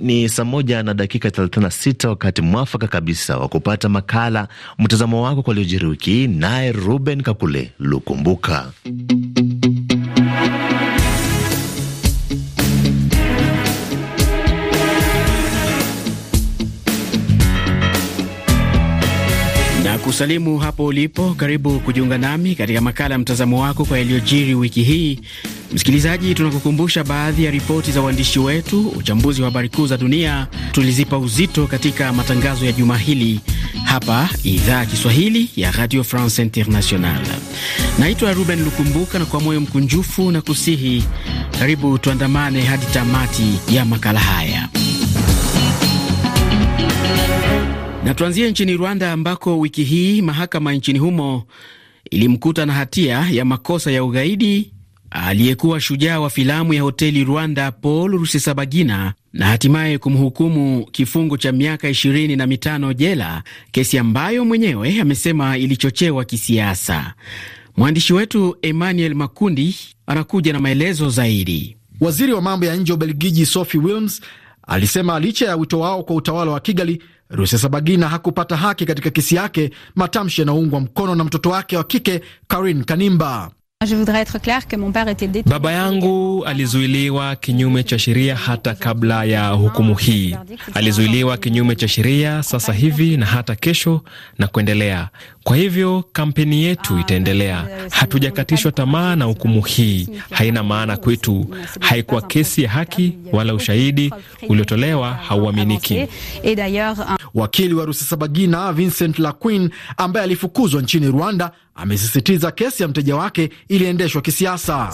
Ni saa moja na dakika 36, wakati mwafaka kabisa wa kupata makala mtazamo wako kwa liojiri wiki, naye Ruben Kakule Lukumbuka. kusalimu hapo ulipo, karibu kujiunga nami katika makala ya mtazamo wako kwa yaliyojiri wiki hii. Msikilizaji, tunakukumbusha baadhi ya ripoti za waandishi wetu, uchambuzi wa habari kuu za dunia tulizipa uzito katika matangazo ya juma hili hapa idhaa ya Kiswahili ya Radio France international Naitwa Ruben Lukumbuka na kwa moyo mkunjufu na kusihi, karibu tuandamane hadi tamati ya makala haya. Na tuanzie nchini Rwanda ambako wiki hii mahakama nchini humo ilimkuta na hatia ya makosa ya ugaidi aliyekuwa shujaa wa filamu ya Hoteli Rwanda Paul Rusesabagina na hatimaye kumhukumu kifungo cha miaka ishirini na mitano jela, kesi ambayo mwenyewe amesema ilichochewa kisiasa. Mwandishi wetu Emmanuel Makundi anakuja na maelezo zaidi. Waziri wa mambo ya nje wa Ubelgiji Sophie Wilms alisema licha ya wito wao kwa utawala wa Kigali Rusesabagina hakupata haki katika kesi yake, matamshi yanaungwa mkono na mtoto wake wa kike Karin Kanimba. Baba yangu alizuiliwa kinyume cha sheria hata kabla ya hukumu hii. Alizuiliwa kinyume cha sheria sasa hivi na hata kesho na kuendelea. Kwa hivyo kampeni yetu itaendelea. Hatujakatishwa tamaa na hukumu hii, haina maana kwetu. Haikuwa kesi ya haki, wala ushahidi uliotolewa hauaminiki. Wakili wa Rusesabagina Vincent Laquin ambaye alifukuzwa nchini Rwanda amesisitiza kesi ya mteja wake iliendeshwa kisiasa.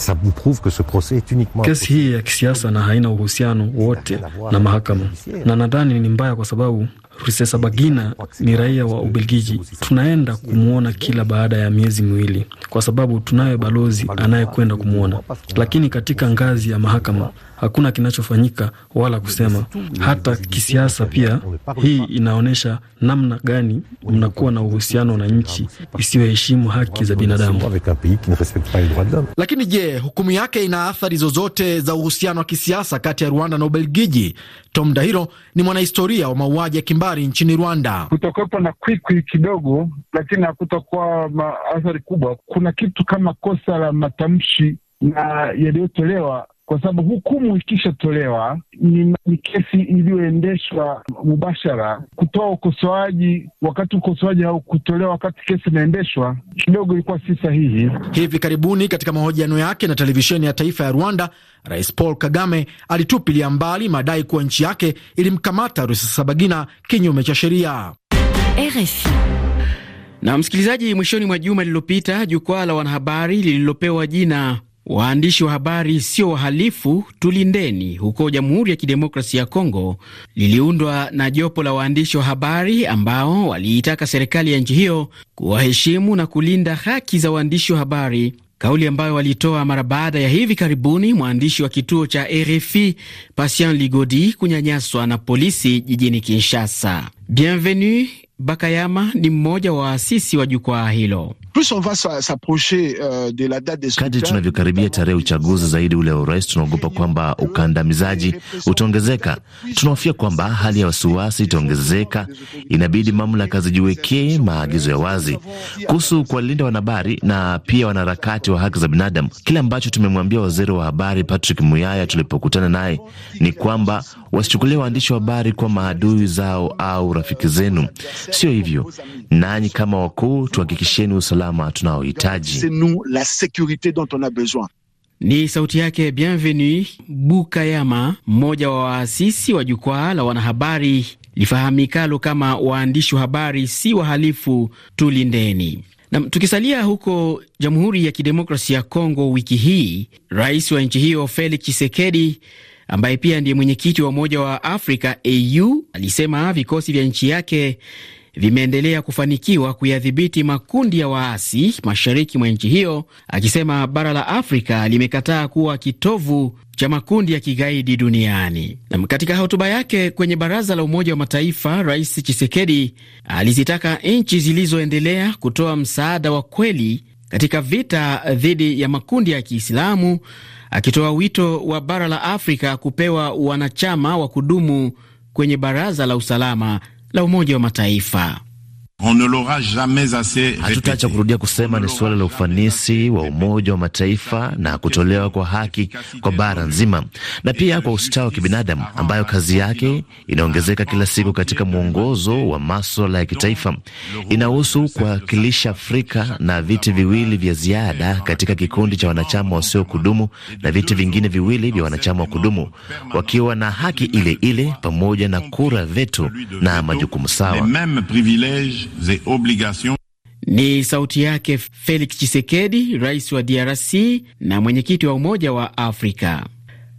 Kesi hii ya kisiasa na haina uhusiano wote na mahakama, na nadhani ni mbaya kwa sababu Rusesabagina ni raia wa Ubelgiji. Tunaenda kumwona kila baada ya miezi miwili, kwa sababu tunaye balozi anayekwenda kumwona, lakini katika ngazi ya mahakama hakuna kinachofanyika wala kusema hata kisiasa. Pia hii inaonyesha namna gani mnakuwa na uhusiano na nchi isiyoheshimu haki za binadamu. Lakini je, hukumu yake ina athari zozote za uhusiano wa kisiasa kati ya Rwanda na Ubelgiji? Tom Dahiro ni mwanahistoria wa mauaji ya kimbari nchini Rwanda. Kutakuwepo na kwikwi kidogo, lakini hakutakuwa athari kubwa. Kuna kitu kama kosa la matamshi na yaliyotolewa kwa sababu hukumu ikishatolewa ni, ni kesi iliyoendeshwa mubashara. Kutoa ukosoaji wakati ukosoaji haukutolewa wakati kesi inaendeshwa kidogo ilikuwa si sahihi. Hivi karibuni katika mahojiano yake na televisheni ya taifa ya Rwanda, Rais Paul Kagame alitupilia mbali madai kuwa nchi yake ilimkamata Rusesabagina kinyume cha sheria. na msikilizaji, mwishoni mwa juma lililopita, jukwaa la wanahabari lililopewa jina Waandishi wa habari sio wahalifu, tulindeni. Huko Jamhuri ya Kidemokrasia ya Kongo liliundwa na jopo la waandishi wa habari ambao waliitaka serikali ya nchi hiyo kuwaheshimu na kulinda haki za waandishi wa habari, kauli ambayo walitoa mara baada ya hivi karibuni mwandishi wa kituo cha RFI Patient Ligodi kunyanyaswa na polisi jijini Kinshasa. Bienvenu Bakayama ni mmoja wa waasisi wa jukwaa hilo plus on va s'approcher uh, de la date des Kadri tunavyokaribia tarehe uchaguzi zaidi ule wa urais, tunaogopa kwamba ukandamizaji utaongezeka. Tunahofia kwamba hali ya wasiwasi itaongezeka. Inabidi mamlaka zijiwekee maagizo ya wazi kuhusu kuwalinda wanahabari na pia wanaharakati wa haki za binadamu. Kile ambacho tumemwambia waziri wa habari Patrick Muyaya tulipokutana naye ni kwamba wasichukulie waandishi wa habari kwa maadui zao au rafiki zenu. Sio hivyo, nanyi kama wakuu tuhakikisheni usalama usalama tunaohitaji. Ni sauti yake Bienvenu Bukayama, mmoja wa waasisi wa jukwaa la wanahabari lifahamikalo kama waandishi wa habari si wahalifu, tulindeni. Na tukisalia huko Jamhuri ya Kidemokrasia ya Kongo, wiki hii rais wa nchi hiyo Felix Tshisekedi ambaye pia ndiye mwenyekiti wa Umoja wa Afrika AU alisema vikosi vya nchi yake vimeendelea kufanikiwa kuyadhibiti makundi ya waasi mashariki mwa nchi hiyo, akisema bara la Afrika limekataa kuwa kitovu cha makundi ya kigaidi duniani. Na katika hotuba yake kwenye baraza la Umoja wa Mataifa, Rais chisekedi alizitaka nchi zilizoendelea kutoa msaada wa kweli katika vita dhidi ya makundi ya Kiislamu, akitoa wito wa bara la Afrika kupewa wanachama wa kudumu kwenye baraza la usalama la Umoja wa Mataifa. Hatutaacha kurudia kusema ni suala la ufanisi wa Umoja wa Mataifa na kutolewa kwa haki kwa bara nzima na pia kwa ustawi wa kibinadamu, ambayo kazi yake inaongezeka kila siku katika mwongozo wa maswala ya kitaifa. Inahusu kuwakilisha Afrika na viti viwili vya ziada katika kikundi cha wanachama wasio kudumu na viti vingine viwili vya wanachama wa kudumu, wakiwa na haki ile ile, pamoja na kura, vetu na majukumu sawa. Ni sauti yake Felix chisekedi rais wa DRC na mwenyekiti wa Umoja wa Afrika.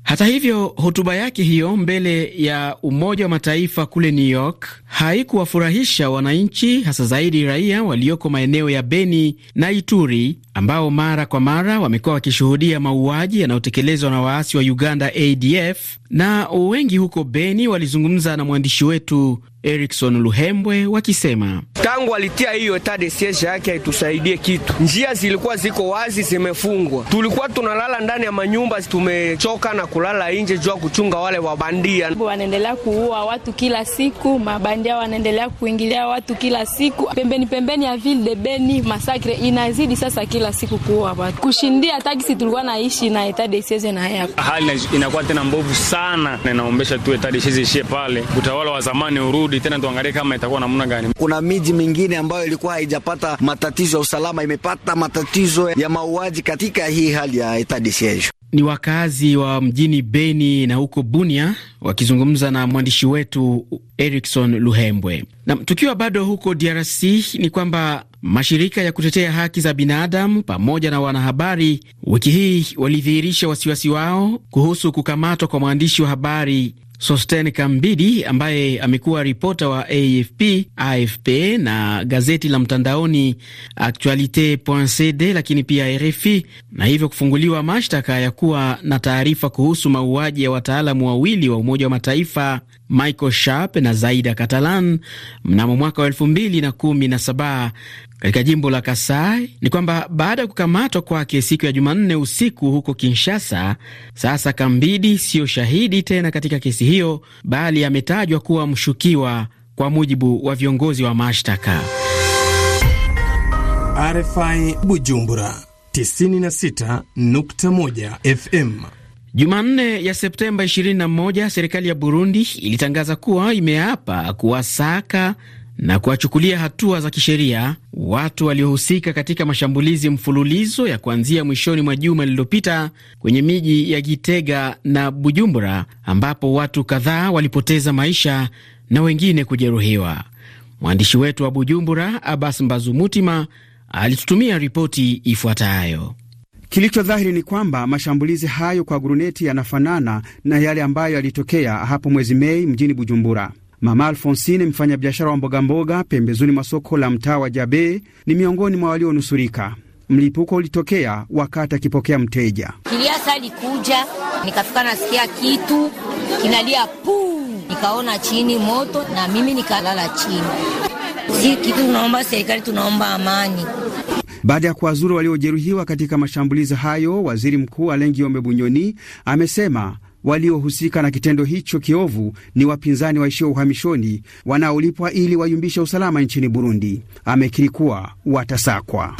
Hata hivyo, hotuba yake hiyo mbele ya Umoja wa Mataifa kule New York haikuwafurahisha wananchi, hasa zaidi raia walioko maeneo ya Beni na Ituri ambao mara kwa mara wamekuwa wakishuhudia mauaji yanayotekelezwa na waasi wa Uganda ADF na wengi huko Beni walizungumza na mwandishi wetu Erikson Luhembwe wakisema tangu alitia hiyo etat de siege yake haitusaidie kitu. Njia zilikuwa ziko wazi, zimefungwa. Tulikuwa tunalala ndani ya manyumba, tumechoka na kulala nje jua kuchunga wale wabandia. Wanaendelea kuua watu kila siku, mabandia wanaendelea kuingilia watu kila siku pembeni pembeni ya ville de Beni. Masakre inazidi sasa kila siku kuua watu, kushindia taksi. Tulikuwa naishi na etat de siege na hapa, hali inakuwa tena mbovu sana sana, na inaombesha tu etadi shizi ishie pale, utawala wa zamani urudi tena, tuangalie kama itakuwa namna gani. Kuna miji mingine ambayo ilikuwa haijapata matatizo ya usalama, imepata matatizo ya mauaji katika hii hali ya etadi siege. Ni wakazi wa mjini Beni na huko Bunia wakizungumza na mwandishi wetu Erikson Luhembwe. Na tukiwa bado huko DRC ni kwamba Mashirika ya kutetea haki za binadamu pamoja na wanahabari wiki hii walidhihirisha wasiwasi wao kuhusu kukamatwa kwa mwandishi wa habari Sosten Kambidi ambaye amekuwa ripota wa AFP, AFP na gazeti la mtandaoni Actualite.cd lakini pia RFI, na hivyo kufunguliwa mashtaka ya kuwa na taarifa kuhusu mauaji ya wataalamu wawili wa Umoja wa Mataifa Michael Sharp na Zaida Catalan mnamo mwaka wa elfu mbili na kumi na saba katika jimbo la Kasai ni kwamba baada ya kukamatwa kwake siku ya Jumanne usiku huko Kinshasa, sasa Kambidi siyo shahidi tena katika kesi hiyo, bali ametajwa kuwa mshukiwa kwa mujibu wa viongozi wa mashtaka. RFI Bujumbura 96.1 FM Jumanne ya Septemba 21 serikali ya Burundi ilitangaza kuwa imeapa kuwasaka na kuwachukulia hatua za kisheria watu waliohusika katika mashambulizi mfululizo ya kuanzia mwishoni mwa juma lililopita kwenye miji ya Gitega na Bujumbura, ambapo watu kadhaa walipoteza maisha na wengine kujeruhiwa. Mwandishi wetu wa Bujumbura, Abbas Mbazumutima, alitutumia ripoti ifuatayo. Kilicho dhahiri ni kwamba mashambulizi hayo kwa guruneti yanafanana na yale ambayo yalitokea hapo mwezi Mei mjini Bujumbura. Mama Alfonsine, mfanyabiashara wa mbogamboga pembezoni mwa soko la mtaa wa Jabe, ni miongoni mwa walionusurika. Mlipuko ulitokea wakati akipokea mteja. Kiliasa alikuja, nikafika nasikia kitu kinalia puu, nikaona chini moto na mimi nikalala chini. Si kitu tunaomba serikali, tunaomba amani baada ya kuwazuru waliojeruhiwa katika mashambulizi hayo, waziri mkuu Alengi Ombe Bunyoni amesema Waliohusika na kitendo hicho kiovu ni wapinzani waishio uhamishoni wanaolipwa ili wayumbishe usalama nchini Burundi. Amekiri kuwa watasakwa.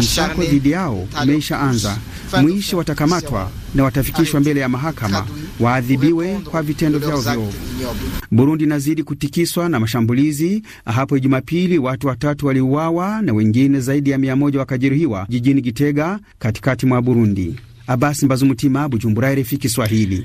Msako dhidi yao umeisha anza, mwisho watakamatwa na watafikishwa mbele ya mahakama waadhibiwe kwa vitendo vyao viovu. Burundi inazidi kutikiswa na mashambulizi. Hapo Jumapili watu watatu waliuawa na wengine zaidi ya mia moja wakajeruhiwa jijini Gitega katikati mwa Burundi. Abbas Mbazumutima, Bujumbura, RFI Kiswahili.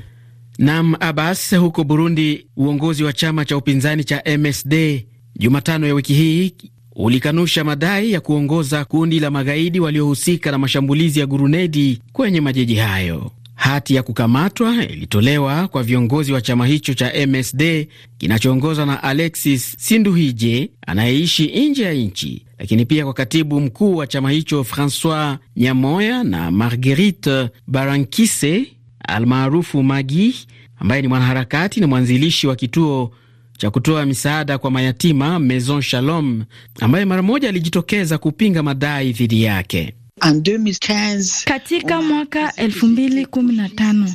Nam Abbas, huko Burundi, uongozi wa chama cha upinzani cha MSD Jumatano ya wiki hii ulikanusha madai ya kuongoza kundi la magaidi waliohusika na mashambulizi ya gurunedi kwenye majiji hayo. Hati ya kukamatwa ilitolewa kwa viongozi wa chama hicho cha MSD kinachoongozwa na Alexis Sinduhije anayeishi nje ya nchi, lakini pia kwa katibu mkuu wa chama hicho Francois Nyamoya na Marguerite Barankise almaarufu Magi, ambaye ni mwanaharakati na mwanzilishi wa kituo cha kutoa misaada kwa mayatima Maison Shalom, ambaye mara moja alijitokeza kupinga madai dhidi yake. 2015, katika mwaka elfu mbili kumi na tano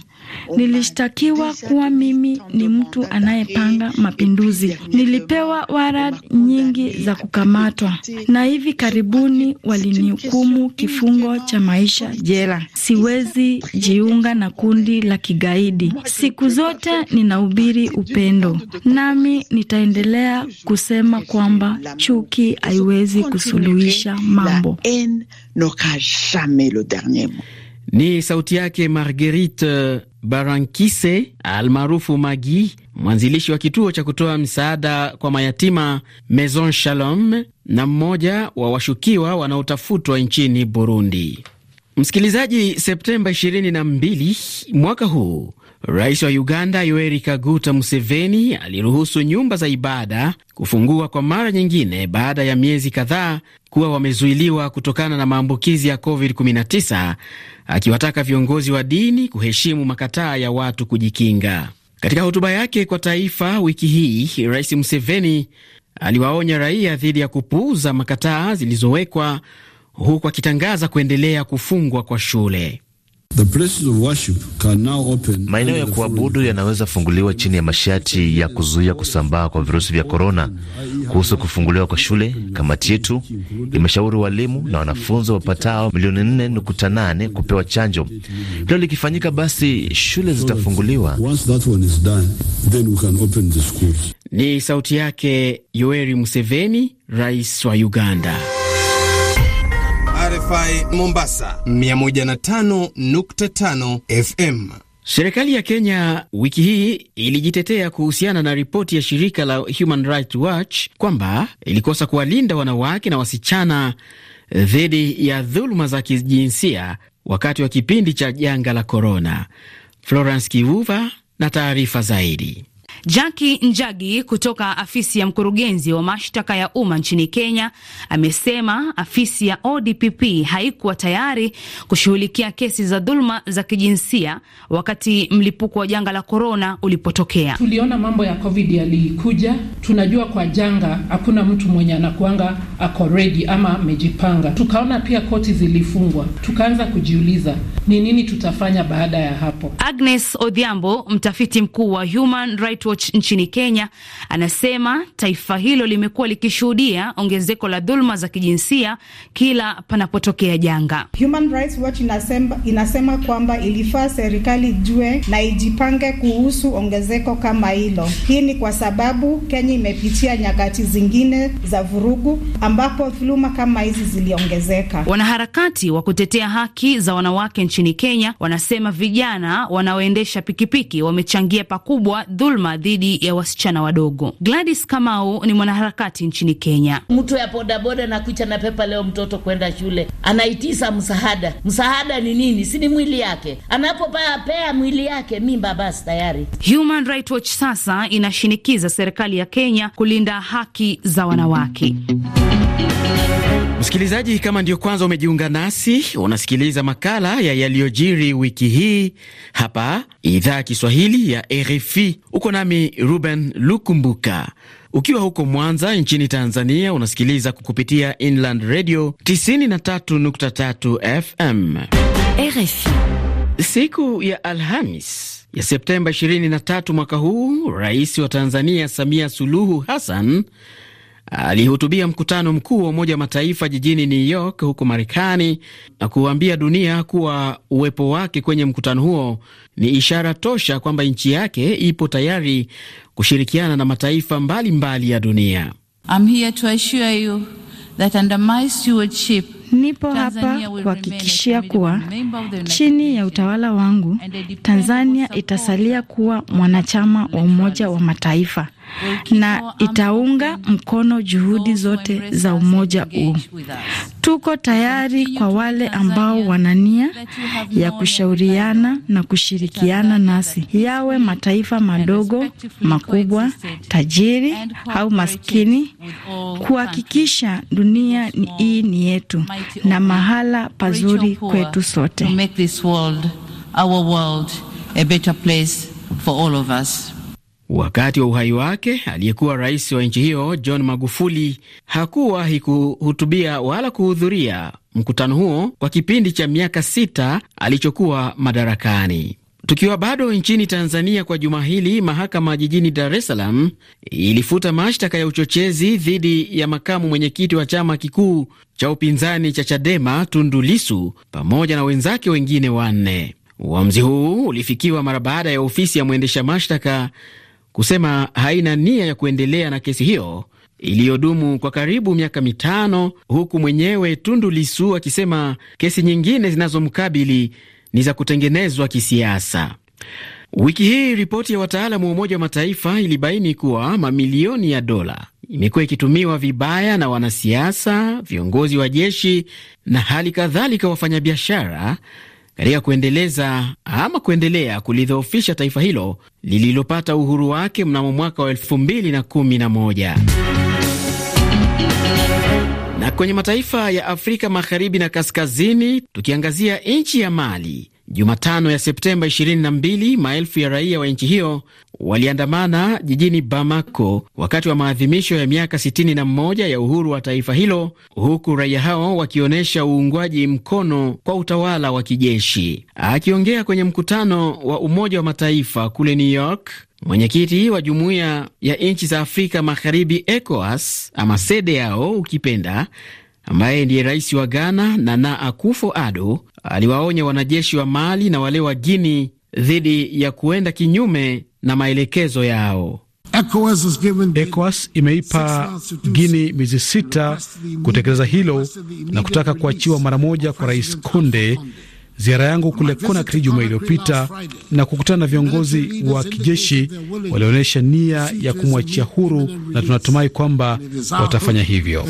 nilishtakiwa kuwa mimi ni mtu anayepanga mapinduzi. Nilipewa wara nyingi za kukamatwa, na hivi karibuni walinihukumu kifungo cha maisha jela. Siwezi jiunga na kundi la kigaidi. Siku zote ninahubiri upendo, nami nitaendelea kusema kwamba chuki haiwezi kusuluhisha mambo n'aura jamais le dernier mot. Ni sauti yake Marguerite euh, Barankise almaarufu Magi, mwanzilishi wa kituo cha kutoa msaada kwa mayatima Maison Shalom na mmoja wa washukiwa wanaotafutwa nchini Burundi. Msikilizaji, Septemba 22 mwaka huu Rais wa Uganda Yoweri Kaguta Museveni aliruhusu nyumba za ibada kufungua kwa mara nyingine baada ya miezi kadhaa kuwa wamezuiliwa kutokana na maambukizi ya COVID-19, akiwataka viongozi wa dini kuheshimu makataa ya watu kujikinga. Katika hotuba yake kwa taifa wiki hii, Rais Museveni aliwaonya raia dhidi ya kupuuza makataa zilizowekwa, huku akitangaza kuendelea kufungwa kwa shule. Maeneo ya kuabudu yanaweza funguliwa chini ya masharti ya kuzuia kusambaa kwa virusi vya korona. Kuhusu kufunguliwa kwa shule, kamati yetu imeshauri walimu na wanafunzi wapatao milioni 4.8 kupewa chanjo. Hilo likifanyika, basi shule zitafunguliwa. Ni sauti yake Yoweri Museveni, rais wa Uganda. RFI Mombasa 105.5 FM. Serikali ya Kenya wiki hii ilijitetea kuhusiana na ripoti ya shirika la Human Rights Watch kwamba ilikosa kuwalinda wanawake na wasichana dhidi ya dhuluma za kijinsia wakati wa kipindi cha janga la korona. Florence Kivuva na taarifa zaidi. Jaki Njagi kutoka afisi ya mkurugenzi wa mashtaka ya umma nchini Kenya amesema afisi ya ODPP haikuwa tayari kushughulikia kesi za dhuluma za kijinsia wakati mlipuko wa janga la korona ulipotokea. Tuliona mambo ya COVID yalikuja, tunajua kwa janga hakuna mtu mwenye anakuanga ako redi ama amejipanga. Tukaona pia koti zilifungwa, tukaanza kujiuliza ni nini tutafanya baada ya hapo. Agnes Odhiambo, mtafiti mkuu wa Human Rights Watch nchini Kenya anasema taifa hilo limekuwa likishuhudia ongezeko la dhuluma za kijinsia kila panapotokea janga. Human Rights Watch inasema, inasema kwamba ilifaa serikali jue na ijipange kuhusu ongezeko kama hilo. Hii ni kwa sababu Kenya imepitia nyakati zingine za vurugu ambapo dhuluma kama hizi ziliongezeka. Wanaharakati wa kutetea haki za wanawake nchini Kenya wanasema vijana wanaoendesha pikipiki wamechangia pakubwa dhuluma dhidi ya wasichana wadogo. Gladys Kamau ni mwanaharakati nchini Kenya. Mtu ya bodaboda na kucha na pepa leo mtoto kwenda shule anaitisa msaada. Msaada ni nini? Si ni mwili yake, anapopapea mwili yake mimba, basi tayari. Human Rights Watch sasa inashinikiza serikali ya Kenya kulinda haki za wanawake. Msikilizaji, kama ndio kwanza umejiunga nasi, unasikiliza makala ya yaliyojiri wiki hii hapa idhaa ya Kiswahili ya RFI. Uko nami Ruben Lukumbuka. Ukiwa huko Mwanza nchini Tanzania, unasikiliza kupitia Inland Radio 93.3 FM RFI. Siku ya Alhamis ya Septemba 23 mwaka huu, rais wa Tanzania Samia Suluhu Hassan alihutubia mkutano mkuu wa Umoja wa Mataifa jijini New York huko Marekani na kuambia dunia kuwa uwepo wake kwenye mkutano huo ni ishara tosha kwamba nchi yake ipo tayari kushirikiana na mataifa mbalimbali mbali ya dunia. I'm here to assure you that under my stewardship Nipo hapa kuhakikishia kuwa chini ya utawala wangu Tanzania itasalia kuwa mwanachama wa Umoja wa Mataifa na itaunga mkono juhudi zote za umoja huu. Tuko tayari kwa wale ambao wana nia ya kushauriana na kushirikiana nasi, yawe mataifa madogo, makubwa, tajiri au maskini, kuhakikisha dunia hii ni yetu na mahala pazuri kwetu sote. Wakati wa uhai wake aliyekuwa rais wa nchi hiyo John Magufuli hakuwahi kuhutubia wala kuhudhuria mkutano huo kwa kipindi cha miaka sita alichokuwa madarakani. Tukiwa bado nchini Tanzania, kwa juma hili mahakama jijini Dar es Salaam ilifuta mashtaka ya uchochezi dhidi ya makamu mwenyekiti wa chama kikuu cha upinzani cha Chadema Tundu Lisu pamoja na wenzake wengine wanne. Uamuzi huu ulifikiwa mara baada ya ofisi ya mwendesha mashtaka kusema haina nia ya kuendelea na kesi hiyo iliyodumu kwa karibu miaka mitano, huku mwenyewe Tundu Lisu akisema kesi nyingine zinazomkabili ni za kutengenezwa kisiasa. Wiki hii ripoti ya wataalamu wa Umoja wa Mataifa ilibaini kuwa mamilioni ya dola imekuwa ikitumiwa vibaya na wanasiasa, viongozi wa jeshi na hali kadhalika wafanyabiashara katika kuendeleza ama kuendelea kulidhoofisha taifa hilo lililopata uhuru wake mnamo mwaka wa moja. na kwenye mataifa ya Afrika magharibi na kaskazini, tukiangazia nchi ya Mali. Jumatano ya Septemba 22, maelfu ya raia wa nchi hiyo waliandamana jijini Bamako wakati wa maadhimisho ya miaka 61 ya uhuru wa taifa hilo, huku raia hao wakionyesha uungwaji mkono kwa utawala wa kijeshi. Akiongea kwenye mkutano wa Umoja wa Mataifa kule New York, mwenyekiti wa Jumuiya ya Nchi za Afrika Magharibi, ECOWAS ama CEDEAO ukipenda, ambaye ndiye rais wa Ghana Nana Akufo-Addo aliwaonya wanajeshi wa Mali na wale wa Guinea dhidi ya kuenda kinyume na maelekezo yao. ECOWAS imeipa guini miezi sita kutekeleza hilo na kutaka kuachiwa mara moja kwa Rais Konde. Ziara yangu kule Conakry juma iliyopita na kukutana na viongozi wa kijeshi walionyesha nia ya kumwachia huru, na tunatumai kwamba watafanya hivyo.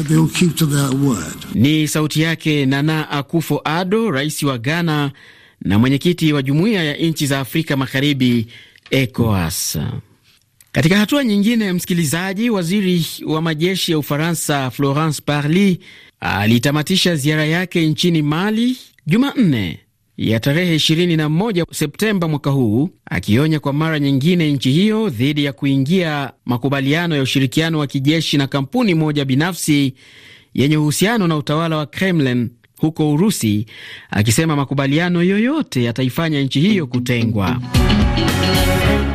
Ni sauti yake Nana akufo ado rais wa Ghana na mwenyekiti wa jumuiya ya nchi za Afrika Magharibi, ECOWAS. Katika hatua nyingine, msikilizaji, waziri wa majeshi ya Ufaransa Florence Parly alitamatisha ziara yake nchini Mali Jumanne ya tarehe 21 Septemba mwaka huu, akionya kwa mara nyingine nchi hiyo dhidi ya kuingia makubaliano ya ushirikiano wa kijeshi na kampuni moja binafsi yenye uhusiano na utawala wa Kremlin huko Urusi, akisema makubaliano yoyote yataifanya nchi hiyo kutengwa.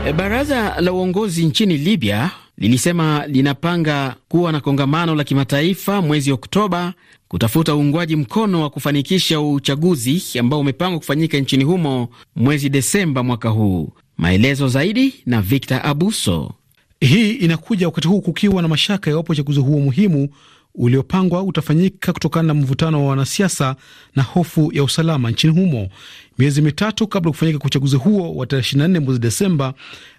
E, baraza la uongozi nchini Libya lilisema linapanga kuwa na kongamano la kimataifa mwezi Oktoba kutafuta uungwaji mkono wa kufanikisha uchaguzi ambao umepangwa kufanyika nchini humo mwezi Desemba mwaka huu. Maelezo zaidi na Victor Abuso. Hii inakuja wakati huu kukiwa na mashaka iwapo uchaguzi huo muhimu uliopangwa utafanyika kutokana na mvutano wa wanasiasa na hofu ya usalama nchini humo. Miezi mitatu kabla ya kufanyika kwa uchaguzi huo wa tarehe 24 mwezi Desemba,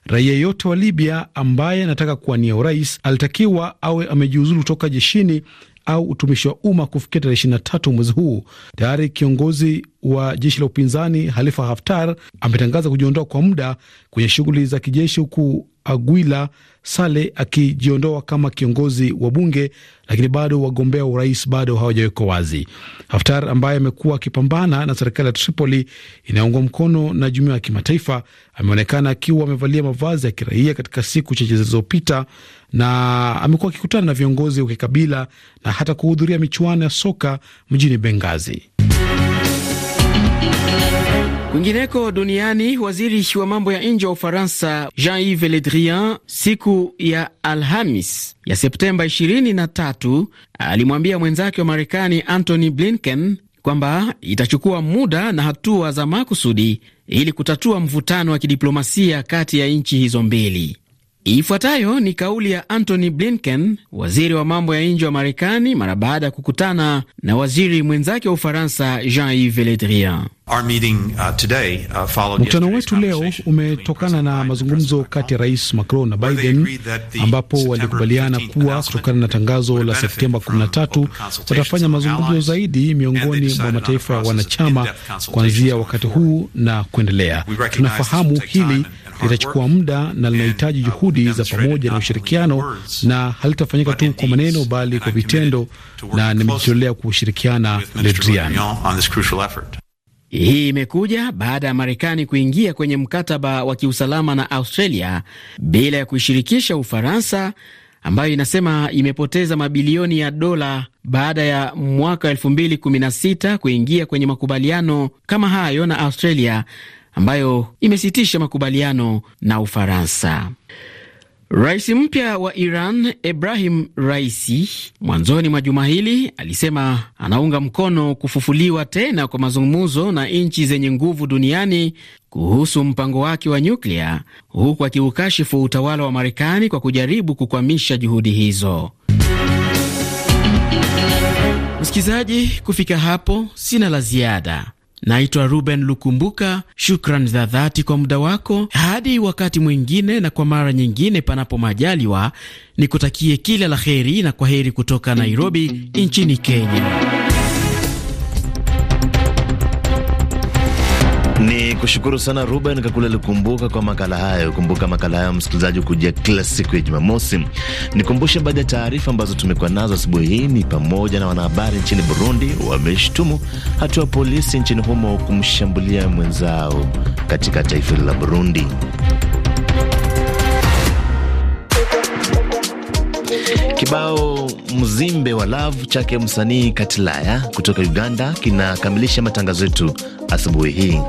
raia yote wa Libya ambaye anataka kuwania urais alitakiwa awe amejiuzulu kutoka jeshini au utumishi wa umma kufikia tarehe 23 mwezi huu. Tayari kiongozi wa jeshi la upinzani Halifa Haftar ametangaza kujiondoa kwa muda kwenye shughuli za kijeshi, huku Aguila Sale akijiondoa kama kiongozi wa bunge, lakini bado wagombea urais bado hawajawekwa wazi. Haftar ambaye amekuwa akipambana na serikali ya Tripoli inayoungwa mkono na jumuiya ya kimataifa ameonekana akiwa amevalia mavazi ya kiraia katika siku chache zilizopita, na amekuwa akikutana na viongozi wa kikabila na hata kuhudhuria michuano ya soka mjini Bengazi. Kwingineko duniani, waziri wa mambo ya nje wa Ufaransa Jean-Yves Le Drian siku ya Alhamis ya Septemba 23 alimwambia mwenzake wa Marekani Antony Blinken kwamba itachukua muda na hatua za makusudi ili kutatua mvutano wa kidiplomasia kati ya nchi hizo mbili. Ifuatayo ni kauli ya Antony Blinken, waziri wa mambo ya nje wa Marekani, mara baada ya kukutana na waziri mwenzake wa Ufaransa Jean-Yves Le Drian. Uh, uh, Mkutano wetu leo umetokana na mazungumzo kati ya rais Macron na Biden ambapo walikubaliana kuwa kutokana na tangazo la Septemba 13 watafanya mazungumzo zaidi miongoni mwa mataifa ya wanachama kuanzia wakati huu na kuendelea. Tunafahamu hili litachukua muda na linahitaji juhudi juhudi za pamoja na ushirikiano, na halitafanyika tu kwa maneno, bali kwa vitendo, na nimejitolea kushirikiana Hii imekuja baada ya Marekani kuingia kwenye mkataba wa kiusalama na Australia bila ya kuishirikisha Ufaransa ambayo inasema imepoteza mabilioni ya dola baada ya mwaka 2016 kuingia kwenye makubaliano kama hayo na Australia ambayo imesitisha makubaliano na Ufaransa. Rais mpya wa Iran Ibrahim Raisi mwanzoni mwa juma hili alisema anaunga mkono kufufuliwa tena kwa mazungumzo na nchi zenye nguvu duniani kuhusu mpango wake wa nyuklia, huku akiukashifu utawala wa Marekani kwa kujaribu kukwamisha juhudi hizo. Msikilizaji, kufika hapo sina la ziada. Naitwa Ruben Lukumbuka. Shukran za dhati kwa muda wako. Hadi wakati mwingine, na kwa mara nyingine, panapo majaliwa, nikutakie kila la heri na kwa heri kutoka Nairobi nchini Kenya. kushukuru sana Ruben Kakule Likumbuka kwa makala hayo. Kumbuka makala hayo msikilizaji kujia kila siku ya Jumamosi. Nikumbushe baadhi ya taarifa ambazo tumekuwa nazo asubuhi hii ni pamoja na wanahabari nchini Burundi wameshtumu hatua ya polisi nchini humo kumshambulia mwenzao katika taifa la Burundi. Kibao mzimbe wa love chake msanii Katilaya kutoka Uganda kinakamilisha matangazo yetu asubuhi hii.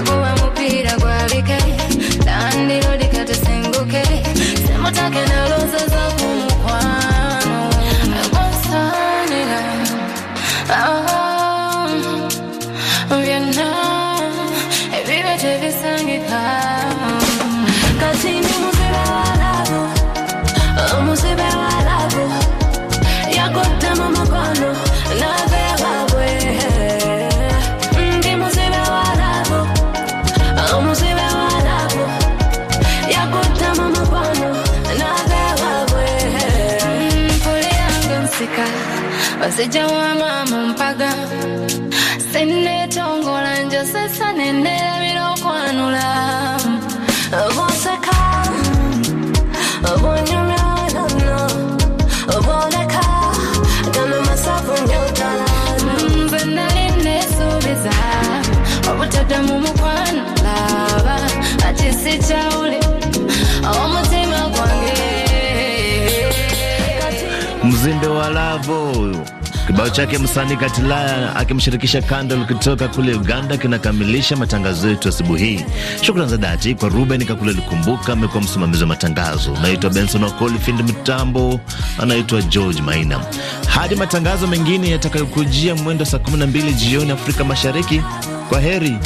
baguwe mupira gwabike kandi rodikate senguke semutake naloze zakumukwano gwasanira oh, byonna ebibe tebisangika kati ndi muzibe walabo omuzibe Musajja wa maama mpaga sinneetongola njo sesa ne neerabira okwanula boseka bonyumyanano boleka gano masavu nyotala nze nali neesuubiza obutadda mu mukwanulaba ati sikyaw Kibao chake msanii Katilaya akimshirikisha Kandol kutoka kule Uganda kinakamilisha matangazo yetu asubuhi hii. Shukrani za dhati kwa Ruben Kakule Likumbuka, amekuwa msimamizi wa matangazo. Naitwa Benson Wakoli, fundi mtambo anaitwa George Maina. Hadi matangazo mengine yatakayokujia mwendo saa 12 jioni Afrika Mashariki, kwa heri.